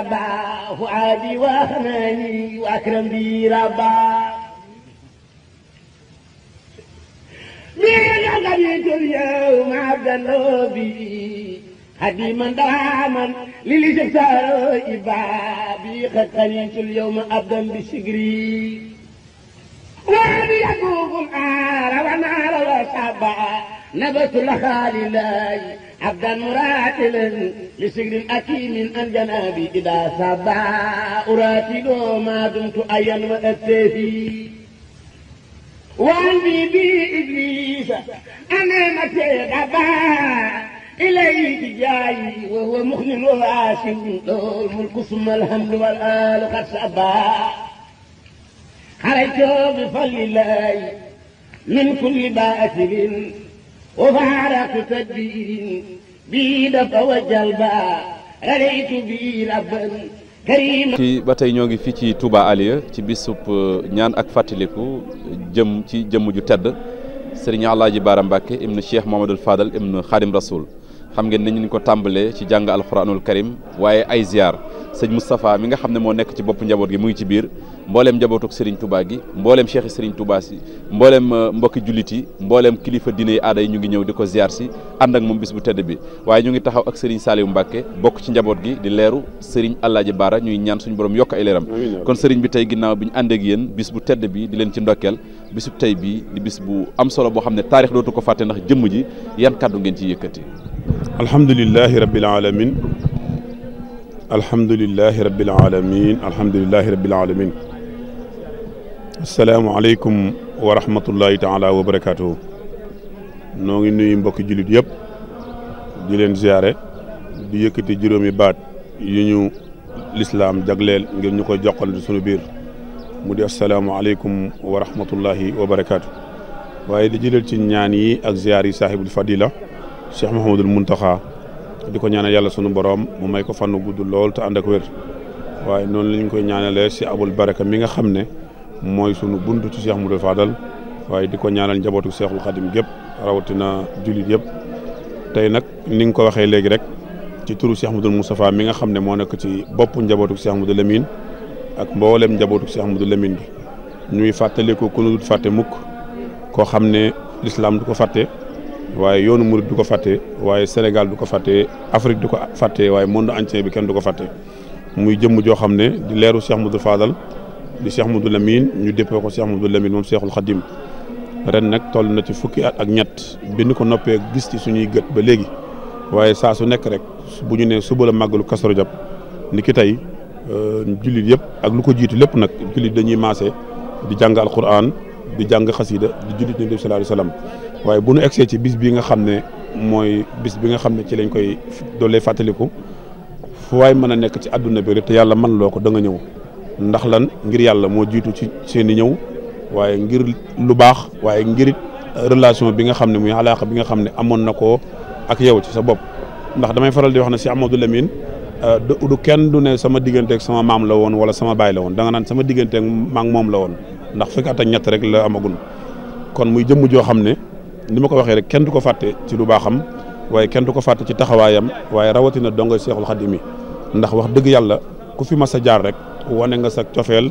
ربا فؤادي وحناني وأكرم بي ربا من قريت اليوم عبدا نبي خديما دواما للجسار إبابي قد قريت اليوم عبدا بشكري وأبي يكوب الآر ونار وصبا نبت لها لله عبدا مراتلا لسجن أكيم أن جنابي إذا سبا أراتل ما دمت أيا وأتيه وعندي بي إبليس أنا متى دبا إليه جاي وهو مخن وغاشم له الملك ثم الحمد والآل قد سبا خرجت بفضل الله من كل بائس وفارق تدبير بيد وجلبا رأيت بي ربا ci ba tey ñoo ngi fii ci Touba Alieu ci bisub euh, ñaan ak fàttaliku jëm ci jëm ju tedd Serigne Alaaji Baara Mbàkke ibn Cheikh Mohamadul Fadal ibn Xaadim Rasoul xam ngeen ni ñu ko tàmbalee ci jàng alxuraanul karim waaye ay ziar sëñ Moustapha mi nga xam ne moo nekk ci bopp njaboot gi mu ngi ci biir mbooleem njabootuk Serigne Touba gi mbooleem cheikh Serigne Touba si mbooleem euh, mbokki jullit yi mbooleem kilifa diine yi aada yi ñu ngi ñëw di ko ziar si ànd ak moom bis bu tedd bi waaye ñu ngi taxaw ak Serigne Saliou Mbacke bokk ci njaboot gi di leeru Serigne Alaaji Baara ñuy ñaan suñu borom yokk ay leeram kon Serigne bi tey ginnaaw bi ñu ànd ak yéen bis bu tedd bi di leen ci ndokkeel bisub tey bi di bis bu am solo boo xam ne taarix dootu ko fàtte ndax jëmm ji yan kàddu ngeen ci yëkkati alhamdulillahi rabbil alamin alhamdulilahi rabbil alamin alhamdulilahi rabbil alamin asalaamualeykum wa rahmatullahi taala wa noo ngi nuyu mbokki jullit yëpp di leen ziare di yëkkati juróomi baat yu ñu lislaam jagleel ngir ñu koy joxal sunu biir mu di asalaamualeykum aleykum rahmatullahi wa barakaatu waaye di jëlal ci ñaan yi ak ziar yi saahibul fadila Cheikh Mahamadul Muntaxa di ko ñaanal yàlla sunu borom mu may ko fannu gudd lool te ànd ak wér waaye noonu lañ koy ñaanalee si abul baraka mi nga xam ne mooy sunu bunt ci Cheikh Moudou dal waaye di ko ñaanal njabootu Cheikhul Khadim gépp rawatina jullit yëpp tey nag ni nga ko waxee léegi rek ci turu Cheikh Moudou Moustapha mi nga xam ne moo nekk ci boppu njabootu Cheikh Moudou Lamine ak mboolem njabootu Cheikh Moudou Lamine bi ñuy fàttaliku ku dut fàtte mukk koo xam ne lislaam du ko fàtte waaye yoonu murit du ko fàtte waaye Sénégal du ko fàtte Afrique du ko fàtte waaye mën monde entier bi kenn du ko fatte muy jëmm joo xam ne di leeru Cheikh Moudou Fadal di Cheikh Moudou Lamine ñu déppee ko Cheikh Moudou Lamine moom Cheikhul Khadim ren nag toll na ci fukki at ak ñett bi ko noppee gis ci suñuy gët ba léegi waaye saa su nekk rek bu ñu nee suba la màggalu Kazu Rajab ni ki tey euh, jullit yëpp ak lu ko jiitu lépp nag jullit dañuy maase di jàng alquran di jàng xasida di jullit nabi sallallahu alayhi wasallam waaye bu nu egsee ci bis bi nga xam ne mooy bis bi nga xam ne ci lañ koy doolee fàttaliku fu waay mën a nekk ci àdduna bi rek te yàlla man loo ko da nga ñëw ndax lan ngir yàlla moo jiitu ci seeni ñëw waaye ngir lu baax waaye ngir relation bi nga xam ne muy alaaqa bi nga xam ne amoon na ko ak yow ci sa bopp ndax damay faral di wax ne si Amadou Lamine euh, du kenn du ne sama digganteeg sama maam la woon wala sama la woon da sama digganteeg maag moom la woon ndax fukki at ak ñett rek la amagun kon muy jëmm joo xam ne ni ma ko waxee rek kenn du ko fàtte ci lu baaxam waaye kenn du ko fàtte ci taxawaayam waaye rawatina dongo Seexul Xadim yi ndax wax dëgg yàlla ku fi mas a jaar rek wane nga sa cofeel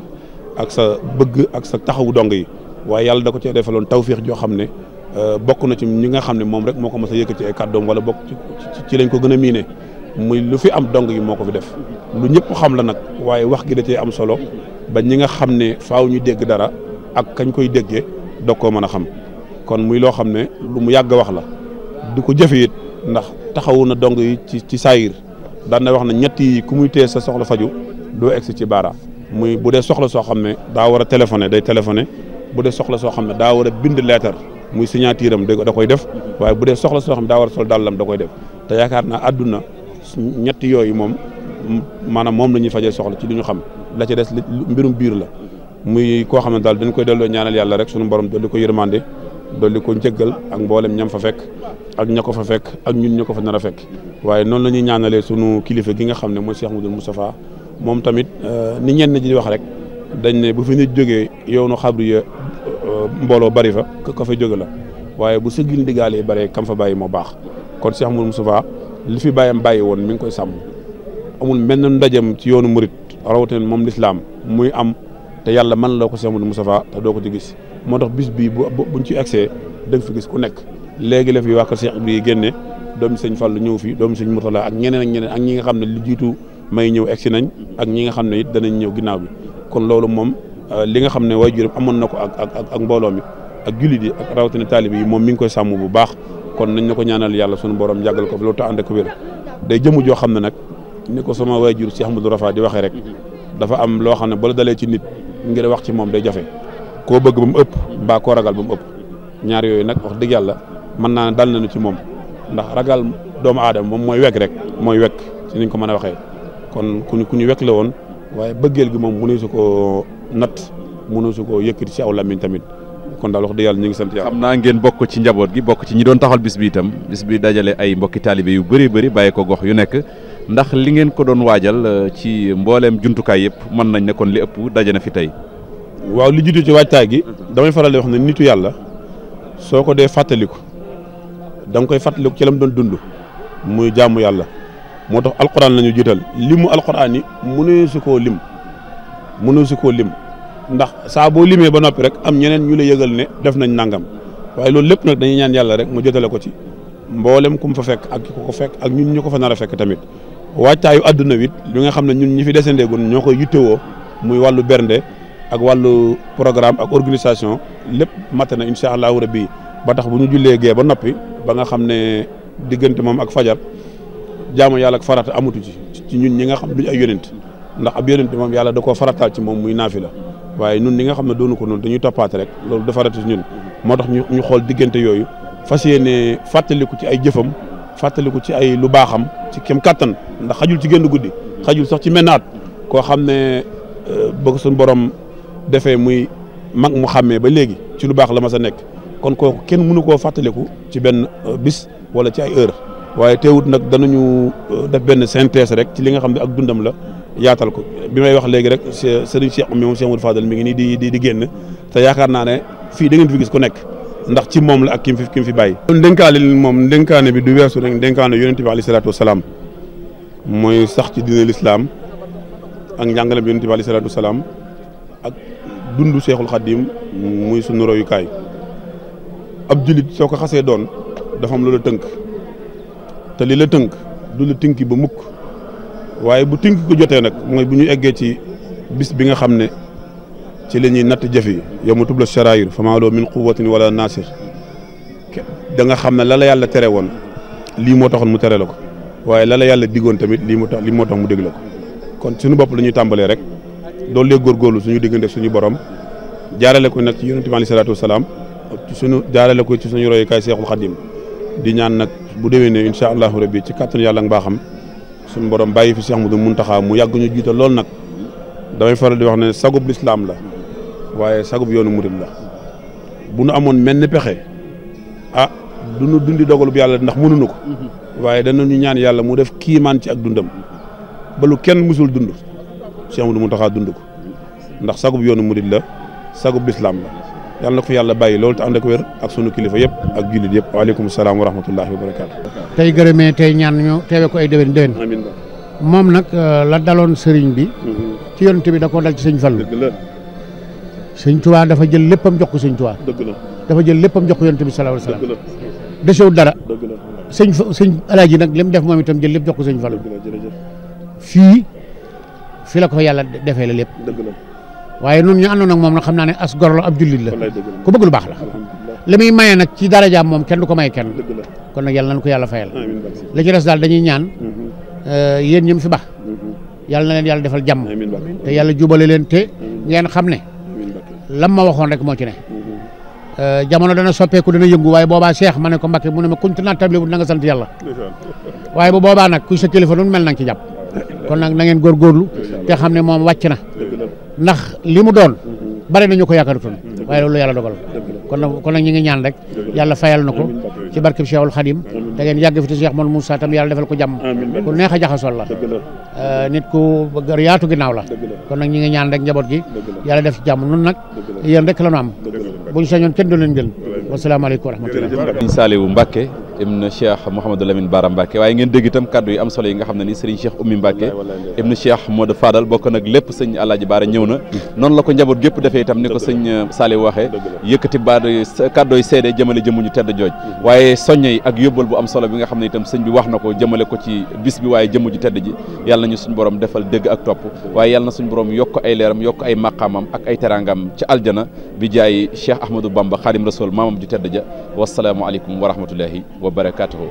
ak sa bëgg ak sa taxawu dong yi waaye yàlla da ko cee defaloon tawféex joo xam ne euh, bokk na ci ñi nga xam ne moom rek moo ko mas a yëkkati ay kàddoom wala bokk ci ci lañ ko gën a miine muy lu fi am dong yi moo ko fi def lu ñëpp xam la nag waaye wax gi da cee am solo ba ñi nga xam ne faaw ñu dégg dara ak kañ koy déggee dog koo mën a xam kon muy loo xam ne lu mu yàgg wax la di ko jëfe yit ndax taxawu na dong yi ci ci saayir daan na wax na ñetti yi ku muy tee sa soxla faju doo egsi ci baara muy bu dee soxla soo xam ne daa war a téléphoné day téléphoné bu dee soxla soo xam ne daa war a bind leetar muy signature am da koy def waaye bu dee soxla soo xam ne daa war a da koy def te yaakaar naa àdduna ñett yooyu moom maanaam moom la ñuy fajee soxla ci lu ñu xam la ci des mbirum biir la muy koo xam ne daal dañ koy delloo ñaanal yàlla rek sunu borom dolli ko yërmande dolli ko njëggal ak mboolem ñam fa fekk ak ña ko fa fekk ak ñun ña ko fa nar a waaye noonu la ñuy ñaanalee sunu kilifa gi nga xam ne mooy Cheikh Mouhamadoul Moustapha moom tamit euh, ni ñenn ji di wax rek dañ ne bu fi nit jógee yow nu xabru euh, mbooloo bari fa ko fa jóge la waaye bu sëggil ndigaale bare kam fa bàyyi moo baax kon Cheikh Mouhamadoul Moustapha li fi bàyyam bàyyi woon mi ngi koy sàmm amul mel na ci yoonu murit rawatina moom lislaam muy am te yàlla man loo ko Cheikh Modou Moustapha te doo ko ci gis moo tax bis bii bu buñ ci accès da nga fi gis ku nekk léegi la fi waa kër Cheikh yi génne doomi sëñ Fallou ñëw fi doomi sëñ Mourtala ak ñeneen ak ñeneen ak ñi nga xam ne lu jiitu may ñëw egsi nañ ak ñi nga xam ne it danañ ñëw ginnaaw bi kon loolu moom euh, li nga xam ne waajuram amoon na ko ak ak ak mbooloo mi ak jullit yi ak rawatina taalibe yi moom mi ngi koy sàmm bu baax kon nañ na ko ñaanal yàlla sunu borom yàggal ko fi loolu te ànd ak wér day jëmu joo xam ne nag ni ko sama waajur Cheikh Amadou Rafa di waxee rek dafa am loo xam ne bala dalee ci nit ngir wax ci moom day jafe koo bëgg ba mu ëpp mbaa koo ragal ba mu ëpp ñaar yooyu nag wax dëgg yàlla mën naa ne dal nañu ci moom ndax ragal doomu aadama moom mooy wekk rek mooy wekk ci niñ ko mën a waxee kon kuñu ku ñu wekk la woon waaye bëggeel gi moom mënu su koo natt mënu su koo yëkkati ci aw tamit kon daal wax dëgg yàlla ñu ngi sant yàlla am naa ngeen bokk ci njaboot gi bokk ci ñi doon taxal bis bi itam bis bi dajale ay mbokki taalibe yu bëri bëri bàyyi ko gox yu nekk ndax li ngeen ko doon waajal euh, ci mbooleem jumtukaay yëpp mën nañ ne kon li ëpp daje na fi tey waaw li jiitu ci waajtaay gi damay farale di wax ne nitu yàlla soo ko dee fàttaliku da koy fàttaliku ci la mu doon dund muy jaamu yàlla moo tax alxuraan lañu ñu jiital limu alxuraan yi mënee su koo lim mënee su koo ndax saa boo limee ba noppi rek am ñeneen ñu la yëgal ne def nañ nangam waaye loolu lépp nag dañuy ñaan yàlla rek moo jotale ko ci mboolem ku mu fa fekk ak ku ko fekk ak ñun ñu ko fa nar a fekk tamit wàccaayu àdduna wit li nga xam ne ñun ñi fi desendeegun ñoo koy yittewoo muy wàllu bernde ak wàllu programme ak organisation lépp mat na incha allahu rabbi ba tax bu ñu jullee gee ba noppi ba nga xam ne diggante moom ak fajar jaamu yàlla ak farata amatu ci ci ñun ñi nga xam duñ ay yonent ndax ab yonent moom yàlla da koo farataal ci moom muy naafi la waaye ñun li nga xam ne doonu ko noonu dañuy toppaate rek loolu dafa ñun moo tax ñu ñu xool diggante yooyu fas yéene fàttaliku ci ay jëfam fàttaliku ci ay lu baaxam ci kem kattan ndax xajul ci génn guddi xajul sax ci mennaat koo xam ne euh, bëgg suñu borom defee muy mag mu xàmmee ba léegi ci lu baax la ma sa nekk kon kooku kenn mënu koo fàttaliku ci benn euh, bis wala ci ay heure waaye te teewut nag danañu euh, def benn synthèse rek ci li nga xam ne ak dundam la yaatal ko bi may wax léegi rek sëriñ Cheikh Oumy moom Cheikh Moudou Fadal mi ngi nii di di génn te yaakaar naa ne fii da ngeen fi gis ku nekk ndax ci moom la ak ki fi ki mu fi bàyyi. ndénkaane li moom ndénkaane bi du weesu rek ndénkaane yonente bi alayhi salaatu wasalaam mooy sax ci diine lislaam ak njàngale bi yonente bi alayhi salaatu wasalaam ak dundu Cheikhul Khadim muy sunu royukaay ab jullit soo ko xasee doon dafa am lu la tënk te li la tënk du la tënki ba mukk waaye bu tënk ko jotee nag mooy bu ñu eggee ci bis bi nga xam ne ci la ñuy natt jëf yi yow ma tubla sharaayir fa maa loo min quwwatin wala da nga xam ne la la yàlla tere woon lii moo taxoon mu tere la ko waaye la yàlla diggoon tamit lii moo tax lii moo mu dégg la ko kon suñu bopp la ñuy tàmbalee rek doolu góor góorgóorlu suñu diggante suñu borom jaarale ko nag ci yonent bi aleyhi salaatu wasalaam suñu jaarale ko ci suñu royukaay Seexul xa di ñaan nag bu déwénee incha allahu rabbi ci kàttanu yàlla nga baaxam suñu borom bàyyi fi Cheikh Mouhamadou Mountakha mu yàgg ñu jiite loolu nag damay faral di wax ne sagub lislaam la waaye sagub yoonu murid la bu nu amoon mel ni pexe a ah, du nu dundi dogalub yàlla ndax mënuñu ko waaye danañu ñaan yàlla mu def kiimaan ci ak dundam ba lu kenn musul dund Cheikh Mouhamadou Mountakha dund ko ndax sagub yoonu murid la sagub lislaam la yàlla ko fi yàlla bàyyi loolu te ànd ak wér ak sunu kilifa yëpp ak jullit yëpp waaleykum salaam wa rahmatullahi wa barakaatu. tey gërëmee tey ñaan ñu teewe ko ay déwén déwén. amiin moom nag euh, la daloon sëriñ bi. Mhm. ci yonent bi da ko dal ci sëñ Fallu. dëgg la. sëñ Tuubaa dafa jël léppam jox ko sëñ Tuubaa. dëgg la dafa jël léppam jox ko yonent bi salaahu alayhi wa salaam. dëgg la dara. dëgg sëñ sëñ Alaaji nag li def moom itam jël lépp jox ko sëñ Fallu. dëgg la jërëjëf. fii fi la ko yàlla defee la lépp. la waaye nun ñu àndoon ak moom na xam naa ne as gor la ab jullit la ku bëgg lu baax la li muy maye nag ci darajaam moom kenn du ko may kenn kon nag yàlla nañ ko yàlla fayal la ci daal dañuy ñaan mhm. euh, yéen ñi mu fi baax mhm. yàlla na leen defal jàmm te yàlla jubale leen ngeen xam ne lam ma waxoon rek moo ci ne mhm. euh, jamono dana soppeeku dana yëngu waaye boobaa Cheikh ma ne ko Mbakke mu ne ma kuntu naa na nga sant yàlla waaye bu boobaa nag kuy sa kilifa nun mel na ci jàpp kon nag na ngeen góorgóorlu te xam ne moom wàcc na ndax li mu doon bari nañu ko yaakaarutoon waaye loolu yàlla dogal kon na kon nag ñu ngi ñaan rek yàlla fayal na ko ci barkeb Cheikhul Khadim te ngeen yàgg fi te Cheikh Mouhamed Moussa tam yàlla defal ko jàmm ku neex a jaxasoo la euh, nit ku yaatu naaw la kon na ñu ngi ñaan rek njaboot gi yàlla def ci jàmm nun nag yéen rek la nu am bu ñu sañoon kenn du leen gën wasalaamaaleykum wa rahmatulah. Saliou Mbacké ibnu cheikh Mouhamadou Lamine Bara Mbacke waaye ngeen dégg itam kaddu yi am solo yi nga xam ne ni sëriñ cheikh ummi Mbacke ibnu cheikh Modou Fadal bokk nag lépp sëñ Alaaji Bara ñëw na noonu la ko njaboot gépp defee tam ni ko sëñ euh, Saliou waxee yëkkati baat kaddooy seede jëmale jëmuñu tedd jooj mhm. waaye soññe yi ak yóbbal bu am solo bi nga xam ne itam sëñ bi wax na ko jëmale ko ci bis bi waaye jëmu ji tedd ji mhm. yàlla nañu suñ borom defal dégg ak topp waaye yàlla na borom yokk ay leeram yokk ay maqaamam ak ay terangam ci aljana bi jaay cheikh ahmadou bamba xaadim rasul maamam ju tedd ja wasalaamualeykum wa rahmatullahi wa barakaatuhu.